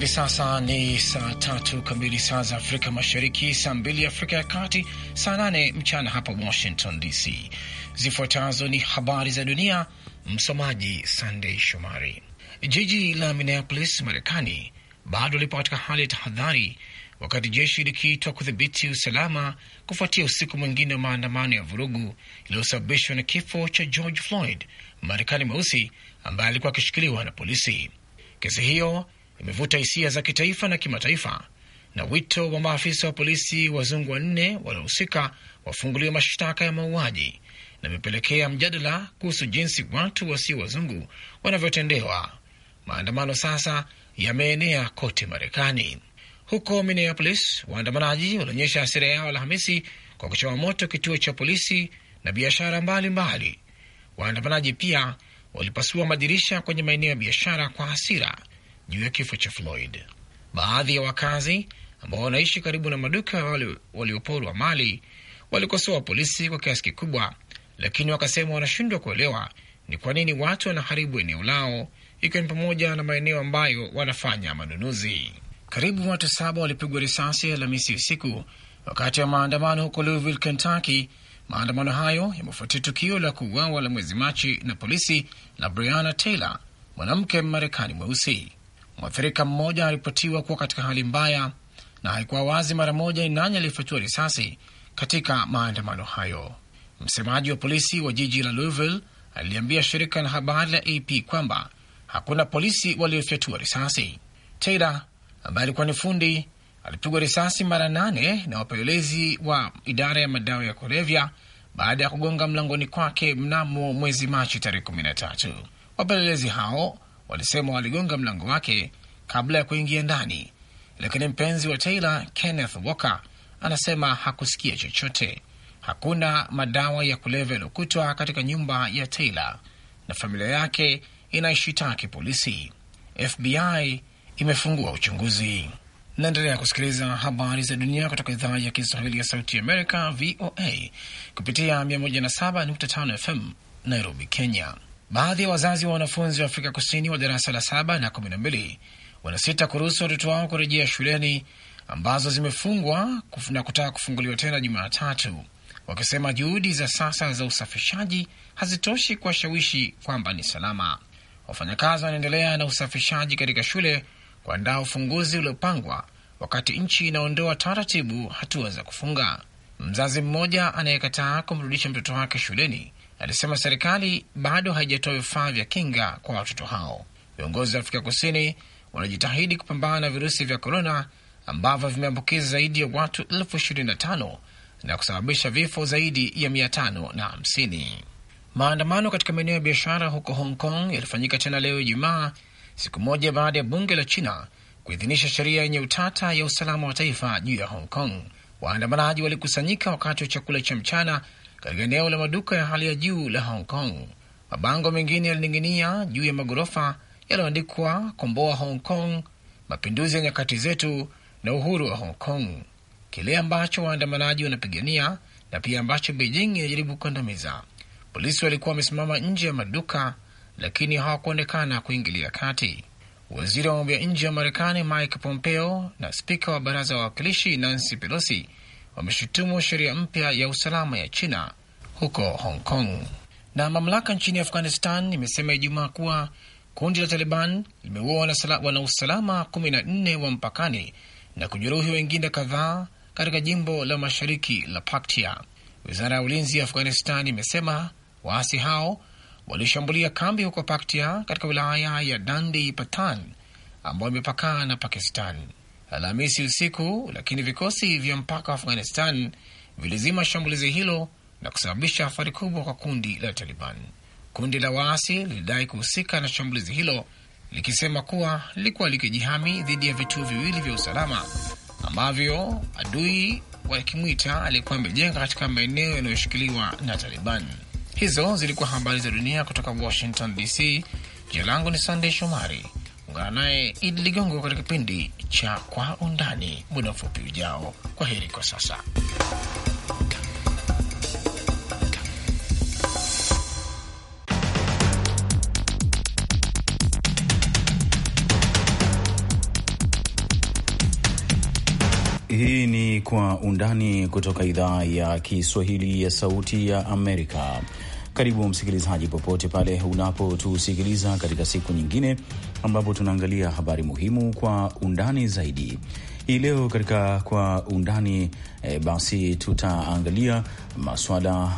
Hivi sasa ni saa tatu kamili saa za Afrika Mashariki, saa mbili Afrika ya Kati, saa nane mchana hapa Washington DC. Zifuatazo ni habari za dunia, msomaji Sandei Shomari. Jiji la Minneapolis, Marekani bado lipo katika hali ya tahadhari wakati jeshi likiitwa kudhibiti usalama kufuatia usiku mwingine wa maandamano ya vurugu iliyosababishwa na kifo cha George Floyd, Marekani mweusi ambaye alikuwa akishikiliwa na polisi. Kesi hiyo imevuta hisia za kitaifa na kimataifa, na wito wa maafisa wa polisi wazungu wanne waliohusika wafunguliwe mashtaka ya mauaji na imepelekea mjadala kuhusu jinsi watu wasio wazungu wanavyotendewa. Maandamano sasa yameenea kote Marekani. Huko Minneapolis, waandamanaji walionyesha hasira yao Alhamisi kwa kuchoma moto kituo cha polisi na biashara mbalimbali. Waandamanaji pia walipasua madirisha kwenye maeneo ya biashara kwa hasira juu ya kifo cha Floyd. Baadhi ya wakazi ambao wanaishi karibu na maduka walioporwa mali walikosoa polisi kwa kiasi kikubwa, lakini wakasema wanashindwa kuelewa ni kwa nini watu wanaharibu eneo lao, ikiwa ni pamoja na maeneo ambayo wanafanya manunuzi. Karibu watu saba walipigwa risasi Alhamisi usiku wakati wa maandamano huko Louisville, Kentucky. Maandamano hayo yamefuatia tukio la kuuawa la mwezi Machi na polisi la Breonna Taylor, mwanamke Mmarekani mweusi. Mwathirika mmoja aripotiwa kuwa katika hali mbaya na haikuwa wazi mara moja ni nani aliyefyatua risasi katika maandamano hayo. Msemaji wa polisi wa jiji la Louisville aliliambia shirika la habari la AP kwamba hakuna polisi waliofyatua risasi. Taylor ambaye alikuwa ni fundi alipigwa risasi mara nane na wapelelezi wa idara ya madawa ya kulevya baada ya kugonga mlangoni kwake mnamo mwezi Machi tarehe 13. Wapelelezi hao walisema waligonga mlango wake kabla ya kuingia ndani, lakini mpenzi wa Taylor Kenneth Walker anasema hakusikia chochote. Hakuna madawa ya kulevya yaliokutwa katika nyumba ya Taylor na familia yake inaishitaki polisi. FBI imefungua uchunguzi. Naendelea kusikiliza habari za dunia kutoka idhaa ya Kiswahili ya Sauti Amerika, VOA, kupitia 107.5 FM Nairobi, Kenya. Baadhi ya wazazi wa wanafunzi wa Afrika Kusini wa darasa la saba na kumi na mbili wanasita kuruhusu watoto wao kurejea shuleni ambazo zimefungwa na kutaka kufunguliwa tena Jumatatu, wakisema juhudi za sasa za usafishaji hazitoshi kuwashawishi kwamba ni salama. Wafanyakazi wanaendelea na usafishaji katika shule kuandaa ufunguzi uliopangwa, wakati nchi inaondoa taratibu hatua za kufunga. Mzazi mmoja anayekataa kumrudisha mtoto wake shuleni alisema serikali bado haijatoa vifaa vya kinga kwa watoto hao. Viongozi wa Afrika Kusini wanajitahidi kupambana na virusi vya korona ambavyo vimeambukiza zaidi ya watu elfu ishirini na tano na kusababisha vifo zaidi ya mia tano na hamsini. Maandamano katika maeneo ya biashara huko Hong Kong yalifanyika tena leo Ijumaa, siku moja baada ya bunge la China kuidhinisha sheria yenye utata ya usalama wa taifa juu ya Hong Kong. Waandamanaji walikusanyika wakati wa chakula cha mchana katika eneo la maduka ya hali ya juu la Hong Kong. Mabango mengine yalining'inia juu ya maghorofa yaliyoandikwa komboa Hong Kong, mapinduzi ya nyakati zetu na uhuru wa Hong Kong, kile ambacho waandamanaji wanapigania na pia ambacho Beijing inajaribu kukandamiza. Polisi walikuwa wamesimama nje ya maduka lakini hawakuonekana kuingilia kati. Waziri wa mambo ya nje wa Marekani Mike Pompeo na spika wa baraza wa wawakilishi Nancy Pelosi wameshutumu sheria mpya ya usalama ya China huko Hong Kong. Na mamlaka nchini Afghanistan imesema Ijumaa kuwa kundi la Taliban limeua wanausalama nne wa mpakani na kujeruhi wengine kadhaa katika jimbo la mashariki la Paktia. Wizara ya ulinzi ya Afghanistan imesema waasi hao walishambulia kambi huko Paktia katika wilaya ya Dandi Patan ambayo imepakana na Pakistan. Alhamisi usiku, lakini vikosi vya mpaka wa Afghanistan vilizima shambulizi hilo na kusababisha athari kubwa kwa kundi la Taliban. Kundi la waasi lilidai kuhusika na shambulizi hilo likisema kuwa lilikuwa likijihami dhidi ya vituo viwili vya usalama ambavyo adui wa kimwita aliyekuwa amejenga katika maeneo yanayoshikiliwa na Taliban. Hizo zilikuwa habari za dunia kutoka Washington DC. Jina langu ni Sandey Shomari. Ungana naye Idi Ligongo katika kipindi cha Kwa Undani muda mfupi ujao. Kwa heri kwa sasa. Hii ni Kwa Undani kutoka idhaa ya Kiswahili ya Sauti ya Amerika. Karibu msikilizaji, popote pale unapotusikiliza katika siku nyingine ambapo tunaangalia habari muhimu kwa undani zaidi. Hii leo katika kwa undani e, basi tutaangalia masuala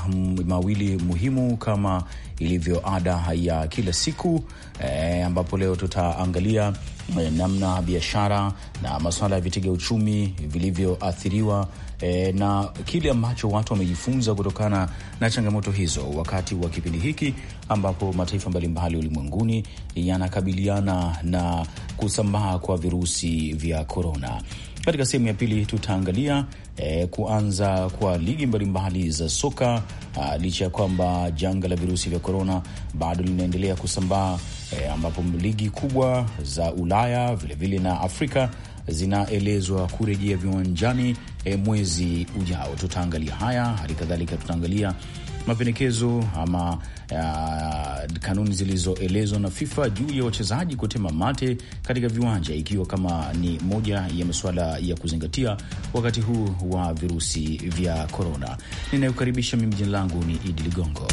mawili muhimu kama ilivyo ada ya kila siku e, ambapo leo tutaangalia namna biashara na masuala ya vitega uchumi vilivyoathiriwa e, na kile ambacho watu wamejifunza kutokana na changamoto hizo wakati wa kipindi hiki ambapo mataifa mbalimbali ulimwenguni yanakabiliana na kusambaa kwa virusi vya korona. Katika sehemu ya pili tutaangalia eh, kuanza kwa ligi mbalimbali za soka ah, licha ya kwamba janga la virusi vya korona bado linaendelea kusambaa eh, ambapo ligi kubwa za Ulaya vilevile vile na Afrika zinaelezwa kurejea viwanjani eh, mwezi ujao. Tutaangalia haya, hali kadhalika tutaangalia mapendekezo ama uh, kanuni zilizoelezwa na FIFA juu ya wachezaji kutema mate katika viwanja, ikiwa kama ni moja ya masuala ya kuzingatia wakati huu wa virusi vya korona. Ninayokaribisha mimi, jina langu ni Idi Ligongo.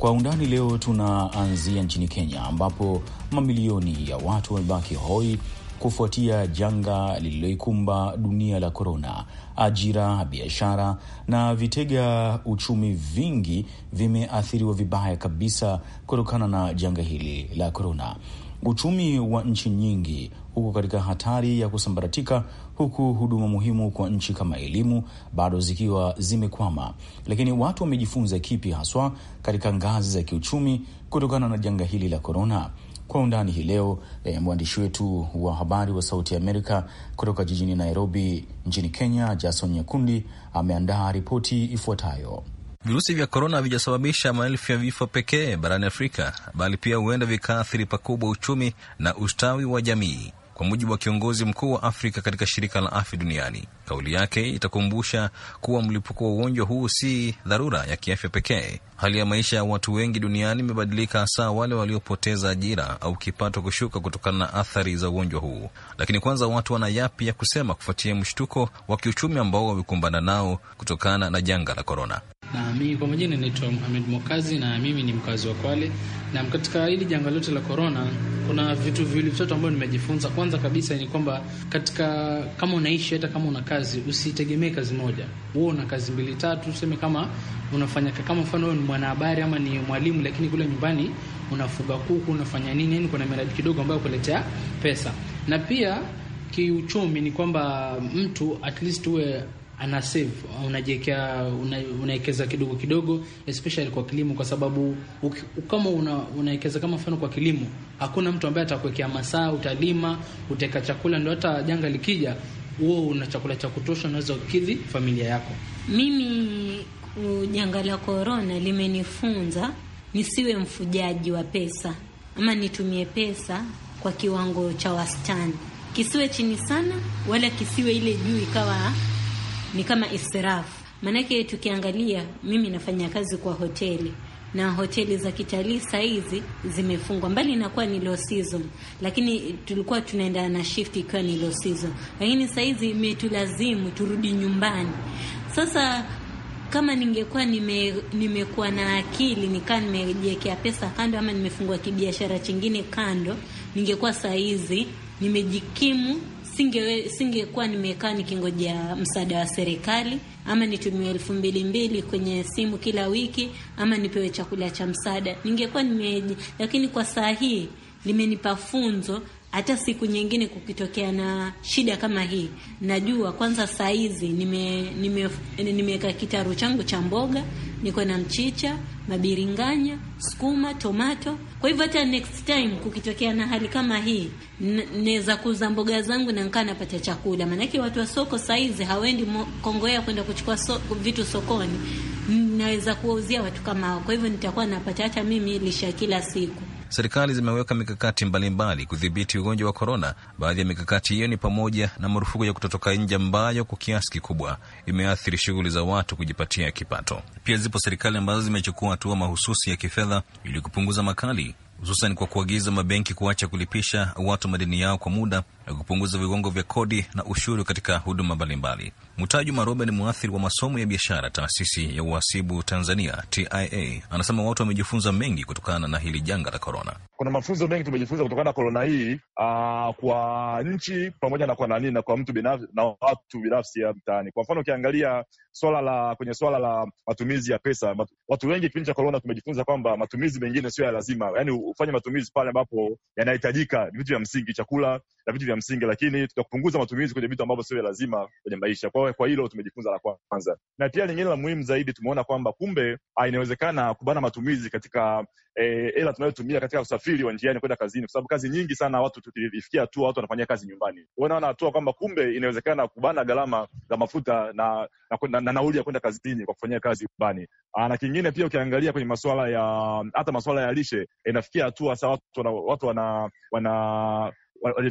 Kwa undani leo tunaanzia nchini Kenya ambapo mamilioni ya watu wamebaki hoi kufuatia janga lililoikumba dunia la korona. Ajira, biashara na vitega uchumi vingi vimeathiriwa vibaya kabisa kutokana na janga hili la korona. Uchumi wa nchi nyingi uko katika hatari ya kusambaratika, huku huduma muhimu kwa nchi kama elimu bado zikiwa zimekwama. Lakini watu wamejifunza kipi haswa katika ngazi za kiuchumi kutokana na janga hili la korona? Kwa undani hii leo eh, mwandishi wetu wa habari wa Sauti ya Amerika kutoka jijini Nairobi nchini Kenya, Jason Nyakundi ameandaa ripoti ifuatayo. Virusi vya korona havijasababisha maelfu ya vifo pekee barani Afrika, bali pia huenda vikaathiri pakubwa uchumi na ustawi wa jamii kwa mujibu wa kiongozi mkuu wa Afrika katika shirika la afya duniani. Kauli yake itakumbusha kuwa mlipuko wa ugonjwa huu si dharura ya kiafya pekee. Hali ya maisha ya watu wengi duniani imebadilika, hasa wale waliopoteza ajira au kipato kushuka kutokana na athari za ugonjwa huu. Lakini kwanza, watu wana yapi ya kusema kufuatia mshtuko wa kiuchumi ambao wamekumbana nao kutokana na janga la korona? na mimi kwa majina naitwa Mohamed Mokazi na mimi ni mkazi wa Kwale. Na katika hili janga lote la corona, kuna vitu viwili vitatu ambavyo nimejifunza. Kwanza kabisa ni kwamba katika kama unaishi hata kama una kazi, usitegemee kazi moja. Wewe una kazi mbili tatu, useme kama unafanya kama mfano wewe ni mwanahabari ama ni mwalimu, lakini kule nyumbani unafuga kuku, unafanya nini, yani kuna miradi kidogo ambayo kuletea pesa. Na pia kiuchumi ni kwamba mtu at least uwe ana save, unajiwekea unawekeza kidogo kidogo, especially kwa kilimo, kwa sababu kama unawekeza kama mfano kwa kilimo, hakuna mtu ambaye atakuwekea masaa, utalima, uteka chakula, ndio hata janga likija wewe una chakula cha kutosha, unaweza kukidhi familia yako. Mimi janga la korona limenifunza nisiwe mfujaji wa pesa, ama nitumie pesa kwa kiwango cha wastani, kisiwe chini sana wala kisiwe ile juu ikawa ni kama israfu. Maanake tukiangalia, mimi nafanya kazi kwa hoteli na hoteli za kitalii saa hizi zimefungwa, mbali inakuwa ni low season, lakini tulikuwa tunaenda na shift ikiwa ni low season, lakini saa hizi imetulazimu turudi nyumbani. Sasa kama ningekuwa nime, nimekuwa na akili nikaa nimejiwekea pesa kando ama nimefungua kibiashara chingine kando, ningekuwa saa hizi nimejikimu singe singekuwa nimekaa nikingoja msaada wa serikali ama nitumiwe elfu mbili mbili kwenye simu kila wiki ama nipewe chakula cha msaada, ningekuwa nimeje. Lakini kwa saa hii limenipa funzo, hata siku nyingine kukitokea na shida kama hii, najua kwanza saa hizi nimeweka nime, nime kitaru changu cha mboga niko na mchicha, mabiringanya, sukuma, tomato. Kwa hivyo hata next time kukitokea na hali kama hii, naweza kuuza mboga zangu na nikaa napata chakula, maanake watu wa soko saizi hawendi Kongowea kwenda kuchukua so, vitu sokoni. Naweza kuwauzia watu kama hao, kwa hivyo nitakuwa napata hata mimi lisha kila siku. Serikali zimeweka mikakati mbalimbali kudhibiti ugonjwa wa korona. Baadhi ya mikakati hiyo ni pamoja na marufuku ya kutotoka nje, ambayo kwa kiasi kikubwa imeathiri shughuli za watu kujipatia kipato. Pia zipo serikali ambazo zimechukua hatua mahususi ya kifedha ili kupunguza makali, hususan kwa kuagiza mabenki kuacha kulipisha watu madeni yao kwa muda na kupunguza viwango vya kodi na ushuru katika huduma mbalimbali. Mutaji Marobe ni mwathiri wa masomo ya biashara, taasisi ya uhasibu Tanzania TIA, anasema watu wamejifunza mengi kutokana na hili janga la korona. Kuna mafunzo mengi tumejifunza kutokana na korona hii, aa, ah, kwa nchi pamoja na kwa nani na kwa mtu binafsi na watu binafsi ya mtaani. Kwa mfano ukiangalia swala la kwenye swala la matumizi ya pesa, matu, watu wengi kipindi cha korona tumejifunza kwamba matumizi mengine sio ya lazima, yani ufanye matumizi pale ambapo yanahitajika, vitu vya msingi, chakula na vitu vya msingi, lakini tutapunguza matumizi kwenye vitu ambavyo sio lazima kwenye maisha. Kwa kwa hilo tumejifunza la kwanza, na pia lingine la muhimu zaidi tumeona kwamba kumbe ah, inawezekana kubana matumizi katika eh, hela e, tunayotumia katika usafiri wa njiani kwenda kazini, kwa sababu kazi nyingi sana watu tulifikia hatua watu wanafanyia kazi nyumbani. Unaona hatua kwamba kumbe inawezekana kubana gharama za mafuta na, na, na, na nauli ya kwenda kazini kwa kufanyia kazi nyumbani. Ah, na kingine pia ukiangalia kwenye masuala ya hata masuala ya lishe inafikia hatua sasa watu wana, watu wana, wana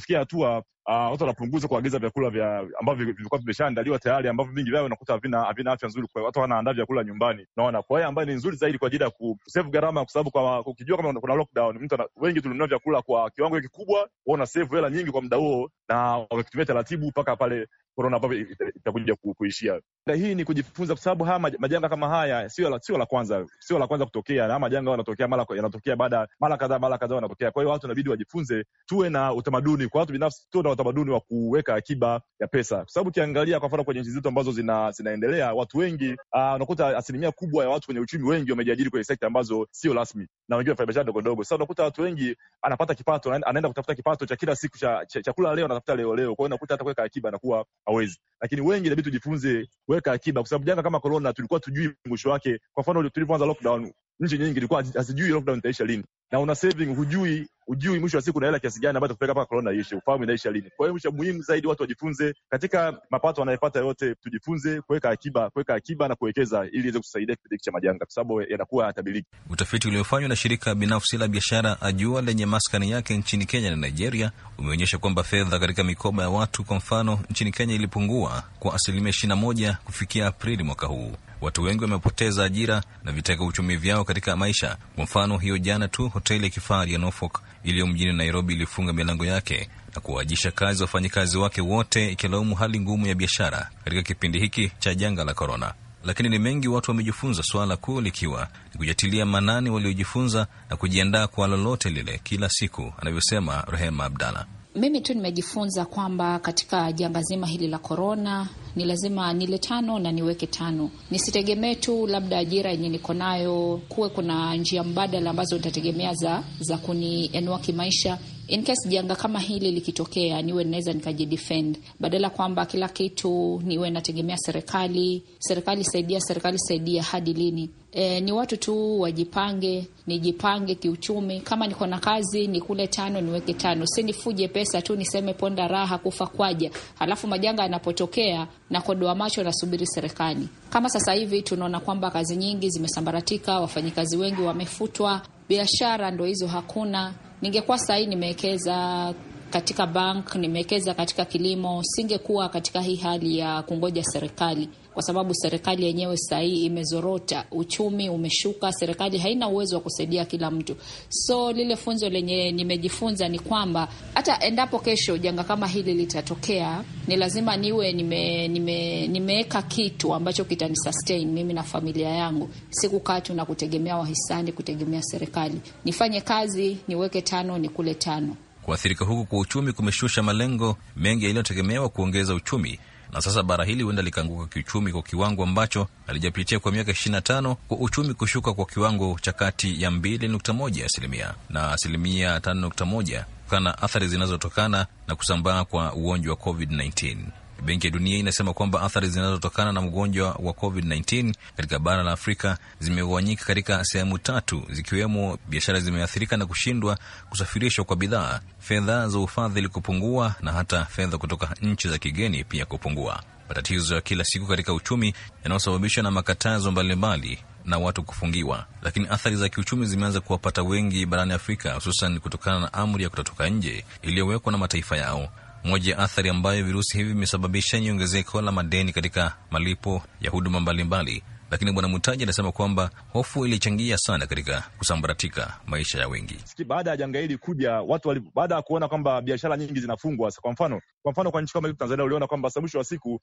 y a tout à uh, watu wanapunguza kuagiza vyakula vya ambavyo vilikuwa vimeshaandaliwa tayari ambavyo vingi vyao unakuta havina havina afya nzuri, kwa watu wanaandaa vyakula nyumbani, naona Kwa hiyo ambayo ni nzuri zaidi kwa ajili ya kusave gharama, kwa sababu kwa ukijua kama kuna lockdown, mtu wengi tulinunua vyakula kwa kiwango kikubwa, wao na save hela nyingi kwa muda huo, na wakitumia taratibu mpaka pale korona ambapo itakuja kuishia. Na hii ni kujifunza, kwa sababu haya majanga kama haya sio la sio la kwanza sio la kwanza kutokea, na majanga yanatokea mara yanatokea baada mara kadhaa mara kadhaa yanatokea. Kwa hiyo watu inabidi wajifunze, tuwe na utamaduni kwa watu binafsi, tuwe na utamaduni wa kuweka akiba ya pesa, kwa sababu ukiangalia kwa mfano kwenye nchi zetu ambazo zina, zinaendelea watu wengi ah, unakuta uh, asilimia kubwa ya watu wenye uchumi wengi wamejiajiri kwenye sekta ambazo sio rasmi na wengine wafanya biashara ndogo ndogo. Sasa unakuta watu wengi anapata kipato, anaenda kutafuta kipato cha kila siku cha cha, cha kula leo anatafuta leo leo, kwa hiyo unakuta hata kuweka akiba anakuwa hawezi. Lakini wengi inabidi tujifunze kuweka akiba, kwa sababu janga kama corona tulikuwa tujui mwisho wake. Kwa mfano tulivyoanza lockdown nchi nyingi ilikuwa hazijui lockdown itaisha lini, na una saving, hujui hujui mwisho wa siku na hela kiasi gani ambacho kupeleka mpaka corona iishe, ufahamu inaisha lini. Kwa hiyo mwisho, muhimu zaidi watu wajifunze katika mapato wanayopata yote, tujifunze kuweka akiba, kuweka akiba na kuwekeza ili iweze kusaidia kipindi hiki cha majanga, kwa sababu yanakuwa hatabiliki. Utafiti uliofanywa na shirika binafsi la biashara Ajua lenye maskani yake nchini Kenya na Nigeria umeonyesha kwamba fedha katika mikoba ya watu, kwa mfano, nchini Kenya ilipungua kwa asilimia 21 kufikia Aprili mwaka huu. Watu wengi wamepoteza ajira na vitega uchumi vyao katika maisha. Kwa mfano, hiyo jana tu hoteli ya kifahari ya Norfolk iliyo mjini Nairobi ilifunga milango yake na kuwaajisha kazi wafanyikazi wake wote, ikilaumu hali ngumu ya biashara katika kipindi hiki cha janga la korona. Lakini ni mengi watu wamejifunza, suala kuu likiwa ni kujatilia manani waliojifunza na kujiandaa kwa lolote lile kila siku, anavyosema Rehema abdalah mimi tu nimejifunza kwamba katika janga zima hili la korona ni lazima nile tano na niweke tano, nisitegemee tu labda ajira yenye niko nayo, kuwe kuna njia mbadala ambazo nitategemea za, za kuniinua kimaisha in case janga kama hili likitokea, niwe naweza nikajidefend, badala kwamba kila kitu niwe nategemea serikali, serikali saidia, serikali saidia, hadi lini? E, ni watu tu wajipange, nijipange kiuchumi. Kama niko na kazi nikule tano niweke tano, si nifuje pesa tu niseme ponda raha kufa kwaja, halafu majanga yanapotokea na kodoa macho nasubiri serikali. Kama sasa hivi tunaona kwamba kazi nyingi zimesambaratika, wafanyikazi wengi wamefutwa, biashara ndo hizo hakuna ningekuwa sahii nimewekeza katika bank, nimewekeza katika kilimo, singekuwa katika hii hali ya kungoja serikali kwa sababu serikali yenyewe sasa imezorota, uchumi umeshuka, serikali haina uwezo wa kusaidia kila mtu. So lile funzo lenye nimejifunza ni kwamba hata endapo kesho janga kama hili litatokea, ni lazima niwe nimeweka nime, nime, kitu ambacho kitanisustain mimi na familia yangu, sikukaa tu na kutegemea wahisani, kutegemea serikali. Nifanye kazi, niweke tano, nikule tano. Kuathirika huku kwa uchumi kumeshusha malengo mengi yaliyotegemewa kuongeza uchumi na sasa bara hili huenda likaanguka kiuchumi kwa kiwango ambacho halijapitia kwa miaka 25 kwa uchumi kushuka kwa kiwango cha kati ya 2.1 asilimia na asilimia 5.1 kutokana na athari zinazotokana na kusambaa kwa ugonjwa wa COVID-19. Benki ya Dunia inasema kwamba athari zinazotokana na mgonjwa wa COVID-19 katika bara la Afrika zimegawanyika katika sehemu tatu, zikiwemo biashara zimeathirika na kushindwa kusafirishwa kwa bidhaa, fedha za ufadhili kupungua, na hata fedha kutoka nchi za kigeni pia kupungua. Matatizo ya kila siku katika uchumi yanayosababishwa na makatazo mbalimbali na watu kufungiwa. Lakini athari za kiuchumi zimeanza kuwapata wengi barani Afrika, hususan kutokana na amri ya kutotoka nje iliyowekwa na mataifa yao. Moja ya athari ambayo virusi hivi vimesababisha ni ongezeko la madeni katika malipo ya huduma mbalimbali mbali. Lakini bwana Mutaji anasema kwamba hofu ilichangia sana katika kusambaratika maisha ya wengi. Baada ya janga hili kuja, watu wali, baada ya kuona kwamba biashara nyingi zinafungwa, kwa mfano kwa mfano kwa nchi kama Tanzania, uliona kwamba mwisho wa siku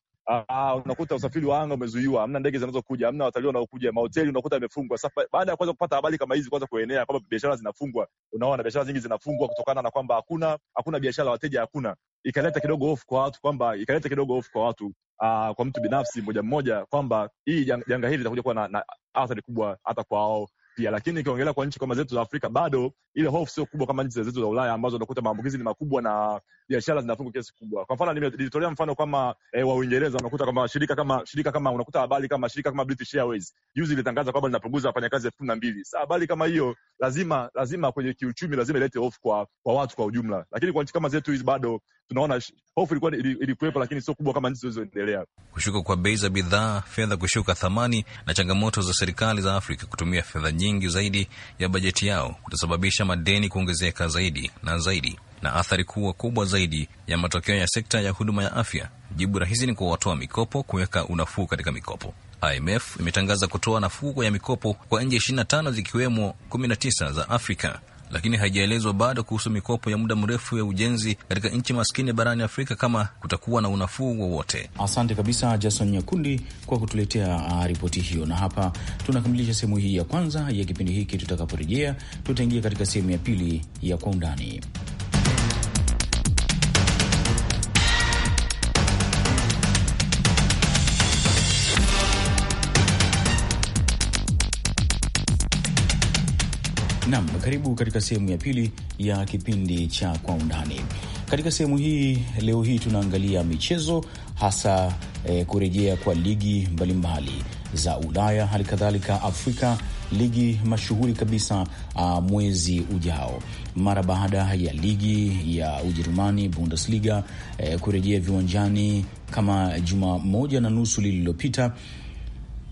unakuta usafiri wa anga umezuiwa, hamna ndege zinazokuja, hamna watalii wanaokuja, mahoteli unakuta yamefungwa. Sasa baada ya kuweza kupata habari kama hizi kuanza kuenea kwamba biashara zinafungwa, unaona biashara nyingi zinafungwa kutokana na kwamba hakuna hakuna biashara, wateja hakuna, ikaleta kidogo hofu kwa watu kwamba ikaleta kidogo hofu kwa watu uh, kwa mtu binafsi moja mmoja kwamba hii janga hili litakuja kuwa na, na athari kubwa hata kwa pia, lakini ikiongelea kwa nchi kama zetu za Afrika bado ile hofu sio kubwa kama nchi zetu za Ulaya ambazo unakuta maambukizi ni makubwa na biashara zinafungwa kiasi kubwa. Kwa mfano nilitolea mfano kama e, wa Uingereza, unakuta kama shirika kama shirika kama unakuta habari kama shirika kama British Airways juzi ilitangaza kwamba linapunguza wafanyakazi elfu kumi na mbili. Sasa habari kama hiyo lazima lazima kwenye kiuchumi lazima ilete hofu kwa, kwa watu kwa ujumla, lakini kwa nchi kama zetu hizi bado tunaona hofu ilikuwa ilikuwepo, lakini sio kubwa kama nchi zilizoendelea. Kushuka kwa bei za bidhaa, fedha kushuka thamani, na changamoto za serikali za Afrika kutumia fedha nyingi zaidi ya bajeti yao kutasababisha madeni kuongezeka zaidi na zaidi, na athari kuwa kubwa zaidi ya matokeo ya sekta ya huduma ya afya. Jibu rahisi ni kuwatoa mikopo, kuweka unafuu katika mikopo. IMF imetangaza kutoa nafuu ya mikopo kwa nchi 25 zikiwemo 19 za Afrika, lakini haijaelezwa bado kuhusu mikopo ya muda mrefu ya ujenzi katika nchi maskini barani Afrika kama kutakuwa na unafuu wowote. Asante kabisa Jason Nyakundi kwa kutuletea ah, ripoti hiyo, na hapa tunakamilisha sehemu hii ya kwanza ya kipindi hiki. Tutakaporejea tutaingia katika sehemu ya pili ya kwa undani. Nam, karibu katika sehemu ya pili ya kipindi cha Kwa Undani. Katika sehemu hii leo hii tunaangalia michezo hasa eh, kurejea kwa ligi mbalimbali za Ulaya, hali kadhalika Afrika, ligi mashuhuri kabisa uh, mwezi ujao mara baada ya ligi ya Ujerumani Bundesliga eh, kurejea viwanjani kama juma moja na nusu lililopita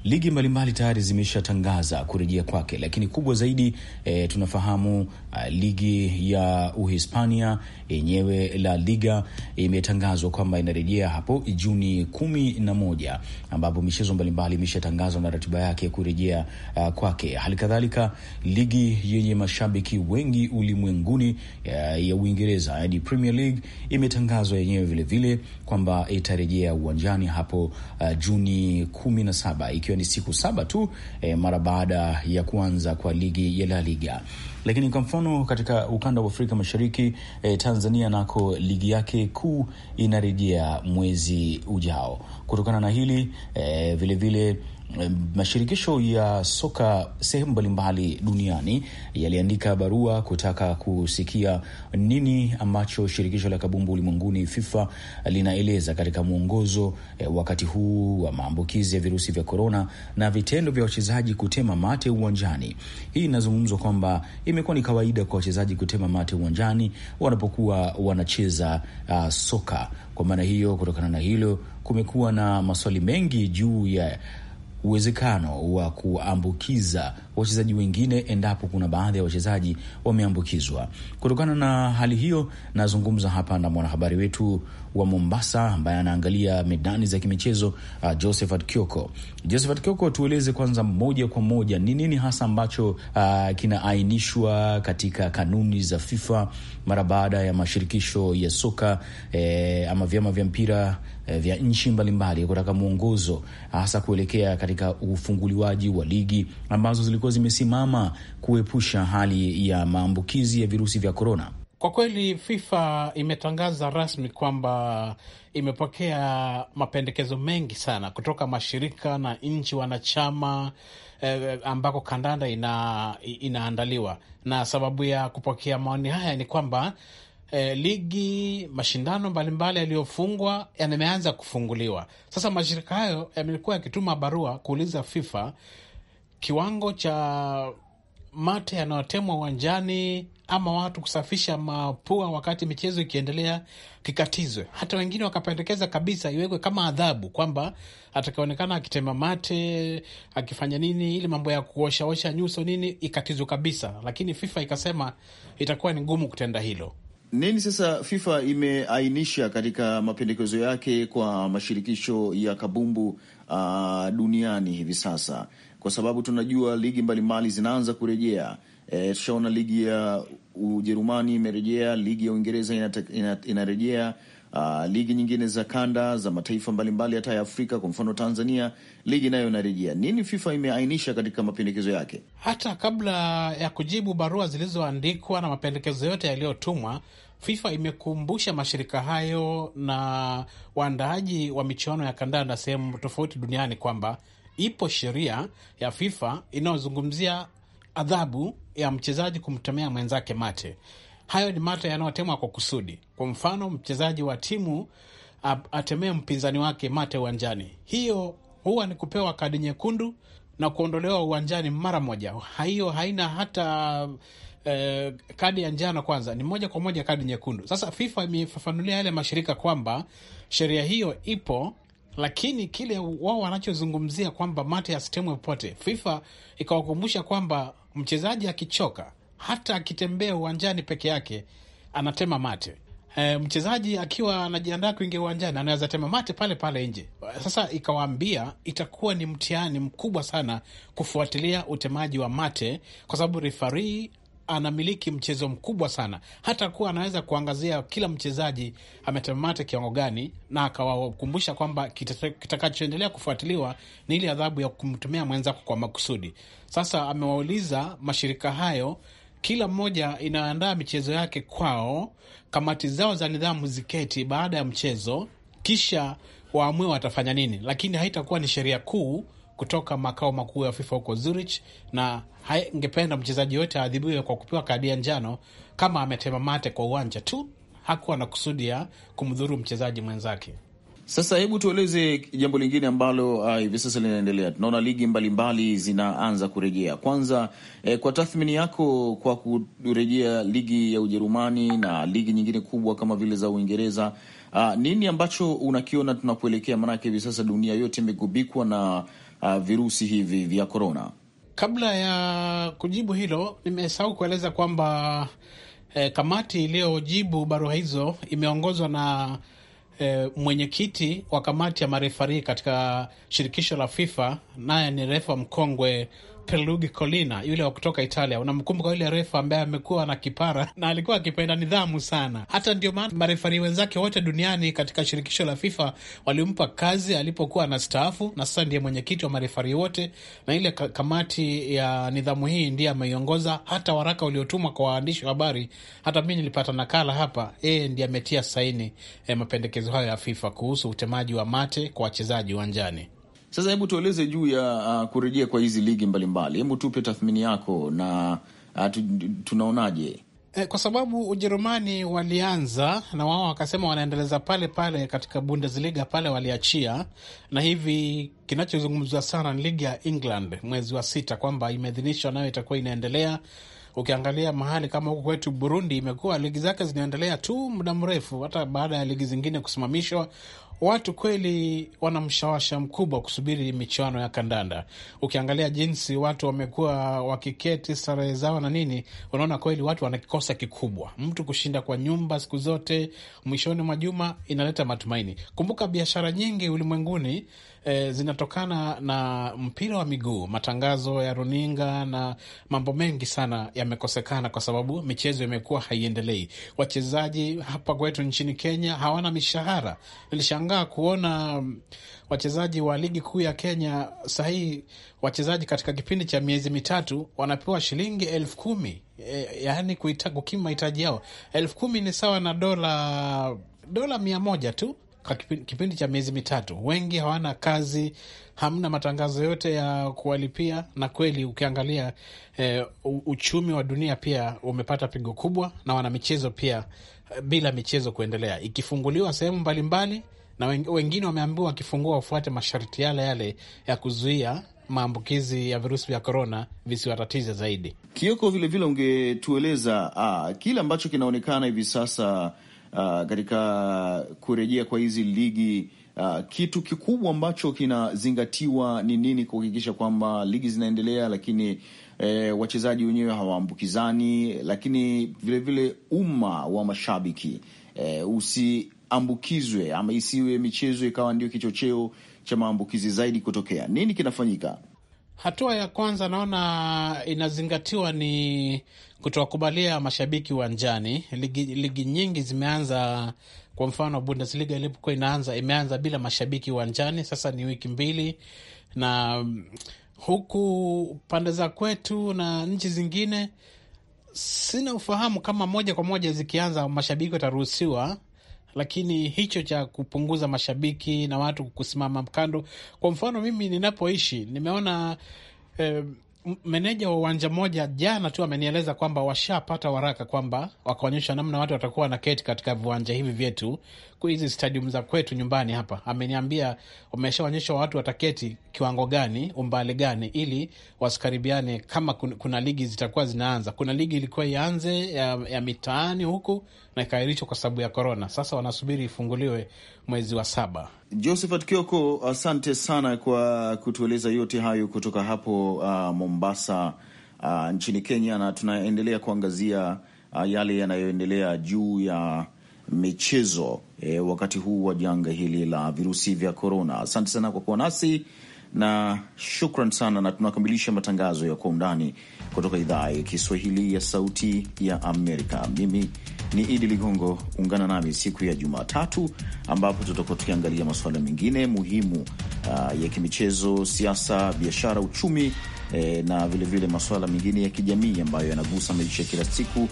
Ligi mbalimbali tayari zimeshatangaza kurejea kwake, lakini kubwa zaidi e, tunafahamu Uh, ligi ya Uhispania yenyewe La Liga imetangazwa kwamba inarejea hapo Juni kumi na moja ambapo michezo mbalimbali imeshatangazwa na ratiba yake kurejea uh, kwake. Hali kadhalika ligi yenye mashabiki wengi ulimwenguni uh, ya Uingereza yani Premier League imetangazwa yenyewe vilevile kwamba itarejea uwanjani hapo uh, Juni kumi na saba ikiwa ni siku saba tu eh, mara baada ya kuanza kwa ligi ya La Liga. Lakini kwa mfano katika ukanda wa Afrika Mashariki e, Tanzania nako ligi yake kuu inarejea mwezi ujao. Kutokana na hili vilevile eh, vile, mashirikisho ya soka sehemu mbalimbali duniani yaliandika barua kutaka kusikia nini ambacho shirikisho la kabumbu ulimwenguni FIFA linaeleza katika mwongozo eh, wakati huu wa maambukizi ya virusi vya korona na vitendo vya wachezaji kutema mate uwanjani. Hii inazungumzwa kwamba imekuwa ni kawaida kwa wachezaji kutema mate uwanjani wanapokuwa wanacheza uh, soka. Kwa maana hiyo, kutokana na hilo kumekuwa na maswali mengi juu ya uwezekano wa kuambukiza wachezaji wengine endapo kuna baadhi ya wachezaji wameambukizwa. Kutokana na hali hiyo, nazungumza hapa na mwanahabari wetu wa Mombasa ambaye anaangalia medani za kimichezo uh, Josephat Kioko. Josephat Kioko, tueleze kwanza moja kwa moja ni nini hasa ambacho uh, kinaainishwa katika kanuni za FIFA mara baada ya mashirikisho ya soka eh, ama vyama vya mpira eh, vya nchi mbalimbali kutaka mwongozo hasa kuelekea katika ufunguliwaji wa ligi ambazo zilikuwa zilikuwa zimesimama kuepusha hali ya maambukizi ya virusi vya korona. Kwa kweli FIFA imetangaza rasmi kwamba imepokea mapendekezo mengi sana kutoka mashirika na nchi wanachama eh, ambako kandanda ina, inaandaliwa na sababu ya kupokea maoni haya ni kwamba eh, ligi, mashindano mbalimbali yaliyofungwa yameanza kufunguliwa. Sasa mashirika hayo yamekuwa yakituma barua kuuliza FIFA kiwango cha mate yanayotemwa uwanjani ama watu kusafisha mapua wakati michezo ikiendelea kikatizwe. Hata wengine wakapendekeza kabisa iwekwe kama adhabu kwamba atakaonekana akitema mate, akifanya nini, ili mambo ya kuoshaosha nyuso nini, ikatizwe kabisa. Lakini FIFA ikasema itakuwa ni ngumu kutenda hilo. Nini sasa FIFA imeainisha katika mapendekezo yake kwa mashirikisho ya kabumbu uh, duniani hivi sasa kwa sababu tunajua ligi mbalimbali zinaanza kurejea. E, tushaona ligi ya Ujerumani imerejea, ligi ya Uingereza inarejea ina, ina Uh, ligi nyingine za kanda za mataifa mbalimbali hata ya Afrika kwa mfano Tanzania, ligi nayo inarejea. Nini FIFA imeainisha katika mapendekezo yake? Hata kabla ya kujibu barua zilizoandikwa na mapendekezo yote yaliyotumwa, FIFA imekumbusha mashirika hayo na waandaaji wa michuano ya kandanda sehemu tofauti duniani kwamba ipo sheria ya FIFA inayozungumzia adhabu ya mchezaji kumtemea mwenzake mate. Hayo ni mate yanayotemwa kwa kusudi. Kwa mfano, mchezaji wa timu atemee mpinzani wake mate uwanjani, hiyo huwa ni kupewa kadi nyekundu na kuondolewa uwanjani mara moja. Hiyo haina hata eh, kadi ya njano. Kwanza ni moja kwa moja kadi nyekundu. Sasa FIFA imefafanulia yale mashirika kwamba sheria hiyo ipo lakini kile wao wanachozungumzia kwamba mate asitemwe popote FIFA ikawakumbusha kwamba mchezaji akichoka, hata akitembea uwanjani peke yake, anatema mate. E, mchezaji akiwa anajiandaa kuingia uwanjani anaweza tema mate pale pale nje. Sasa ikawaambia itakuwa ni mtihani mkubwa sana kufuatilia utemaji wa mate, kwa sababu refarii anamiliki mchezo mkubwa sana, hata kuwa anaweza kuangazia kila mchezaji ametamata kiwango gani, na akawakumbusha kwamba kitakachoendelea kufuatiliwa ni ile adhabu ya kumtumia mwenzako kwa makusudi. Sasa amewauliza mashirika hayo, kila mmoja inaandaa michezo yake kwao, kamati zao za nidhamu ziketi baada ya mchezo, kisha waamue watafanya nini, lakini haitakuwa ni sheria kuu kutoka makao makuu ya FIFA huko Zurich, na haingependa mchezaji yote aadhibiwe kwa kupewa kadi ya njano kama ametema mate kwa uwanja tu, hakuwa na kusudi ya kumdhuru mchezaji mwenzake. Sasa hebu tueleze jambo lingine ambalo ah, hivi sasa linaendelea. Tunaona ligi mbalimbali mbali zinaanza kurejea. Kwanza eh, kwa tathmini yako, kwa kurejea ligi ya Ujerumani na ligi nyingine kubwa kama vile za Uingereza, uh, nini ambacho unakiona tunakuelekea? Maanake hivi sasa dunia yote imegubikwa na uh, virusi hivi vya korona. Kabla ya kujibu hilo, nimesahau kueleza kwamba eh, kamati iliyojibu barua hizo imeongozwa na eh, mwenyekiti wa kamati ya marefari katika shirikisho la FIFA, naye ni refa mkongwe Pierluigi Colina, yule wa kutoka Italia, unamkumbuka yule refa ambaye amekuwa na kipara na alikuwa akipenda nidhamu sana. Hata ndio maana marefari wenzake wote duniani katika shirikisho la FIFA walimpa kazi alipokuwa staafu na sasa ndiye mwenyekiti wa marefari wote, na ile kamati ya nidhamu hii ndiye ameiongoza. Hata waraka uliotumwa kwa waandishi wa habari, hata mi nilipata nakala hapa, yeye ndiye ametia saini eh, mapendekezo hayo ya FIFA kuhusu utemaji wa mate kwa wachezaji uwanjani. Sasa hebu tueleze juu ya uh, kurejea kwa hizi ligi mbalimbali. Hebu tupe tathmini yako na uh, tu, tunaonaje? Eh, kwa sababu Ujerumani walianza na wao wakasema wanaendeleza pale pale katika Bundesliga pale waliachia, na hivi kinachozungumzwa sana ni ligi ya England mwezi wa sita kwamba imeidhinishwa, nayo itakuwa inaendelea. Ukiangalia mahali kama huku kwetu Burundi, imekuwa ligi zake zinaendelea tu muda mrefu, hata baada ya ligi zingine kusimamishwa watu kweli wana mshawasha mkubwa kusubiri michuano ya kandanda. Ukiangalia jinsi watu wamekuwa wakiketi starehe zao na nini, unaona kweli watu wana kikosa kikubwa. Mtu kushinda kwa nyumba siku zote mwishoni mwa juma inaleta matumaini. Kumbuka biashara nyingi ulimwenguni e, zinatokana na mpira wa miguu, matangazo ya runinga na mambo mengi sana yamekosekana kwa sababu michezo imekuwa haiendelei. Wachezaji hapa kwetu nchini Kenya hawana mishahara. Nilishangaa kuona mm, wachezaji wa ligi kuu ya Kenya sahii, wachezaji katika kipindi cha miezi mitatu wanapewa shilingi elfu kumi e, yaani kukima mahitaji yao. Elfu kumi ni sawa na dola dola mia moja tu kwa kipindi cha miezi mitatu, wengi hawana kazi, hamna matangazo yote ya kuwalipia. Na kweli ukiangalia eh, uchumi wa dunia pia umepata pigo kubwa, na wana michezo pia, eh, bila michezo kuendelea ikifunguliwa sehemu mbalimbali, na wengine wameambiwa wakifungua wafuate masharti yale yale ya kuzuia maambukizi ya virusi vya korona visiwatatize zaidi. Kioko, vilevile ungetueleza ah, kile ambacho kinaonekana hivi sasa uh, katika kurejea kwa hizi ligi uh, kitu kikubwa ambacho kinazingatiwa ni nini kuhakikisha kwamba ligi zinaendelea, lakini E, wachezaji wenyewe hawaambukizani, lakini vilevile umma wa mashabiki e, usiambukizwe ama isiwe michezo ikawa ndio kichocheo cha maambukizi zaidi kutokea. Nini kinafanyika? Hatua ya kwanza naona inazingatiwa ni kutowakubalia mashabiki uwanjani. Ligi, ligi nyingi zimeanza kwa mfano Bundesliga ilipokuwa inaanza imeanza bila mashabiki uwanjani, sasa ni wiki mbili, na mm, huku pande za kwetu na nchi zingine sina ufahamu kama moja kwa moja zikianza mashabiki wataruhusiwa lakini hicho cha kupunguza mashabiki na watu kusimama mkando, kwa mfano mimi ninapoishi nimeona eh, meneja wa uwanja mmoja jana tu amenieleza kwamba washapata waraka kwamba wakaonyesha namna watu watakuwa keti katika viwanja hivi vyetu hizi stadium za kwetu nyumbani hapa, ameniambia wameshaonyesha watu wataketi kiwango gani, umbali gani, ili wasikaribiane. Kama kuna ligi zitakuwa zinaanza, kuna ligi ilikuwa ianze ya, ya mitaani huku na ikaahirishwa kwa sababu ya korona. Sasa wanasubiri ifunguliwe mwezi wa saba. Josephat Kioko, asante sana kwa kutueleza yote hayo kutoka hapo uh, Mombasa uh, nchini Kenya, na tunaendelea kuangazia uh, yale yanayoendelea juu ya michezo e, wakati huu wa janga hili la virusi vya korona. Asante sana kwa kuwa nasi na shukran sana, na tunakamilisha matangazo ya Kwa Undani kutoka idhaa ya Kiswahili ya Sauti ya Amerika. Mimi ni Idi Ligongo. Ungana nami siku ya Jumatatu ambapo tutakuwa tukiangalia masuala mengine muhimu uh, ya kimichezo, siasa, biashara, uchumi eh, na vilevile masuala mengine ya kijamii ambayo yanagusa maisha kila siku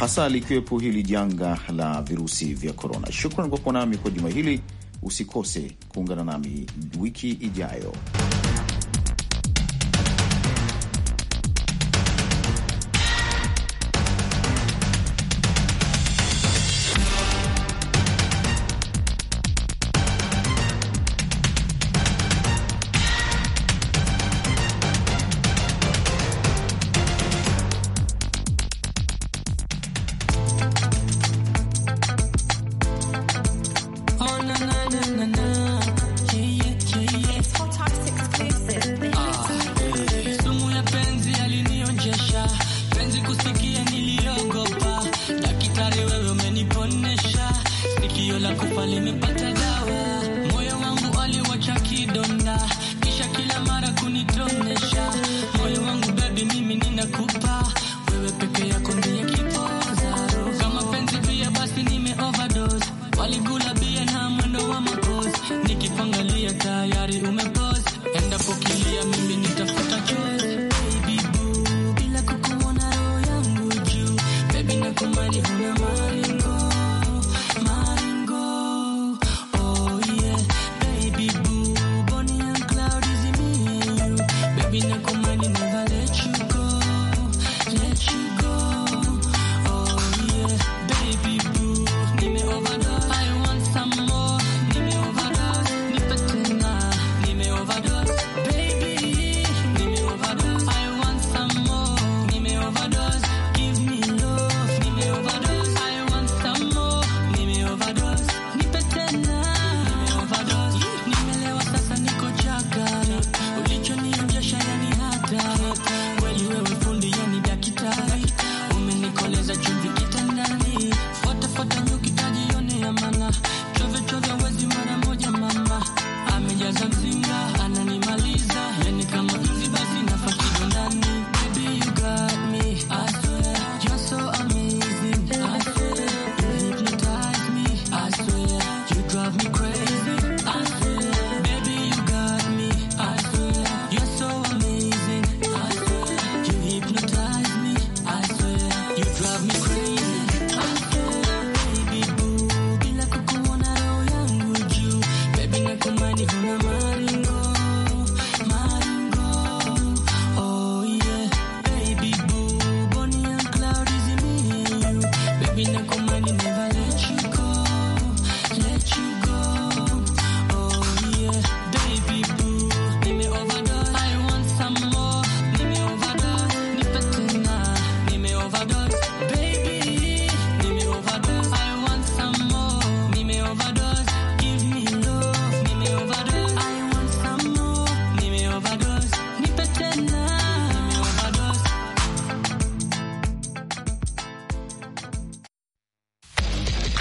hasa likiwepo hili janga la virusi vya korona. Shukran kwa kuwa nami kwa juma hili. Usikose kuungana nami wiki ijayo. na kuma ni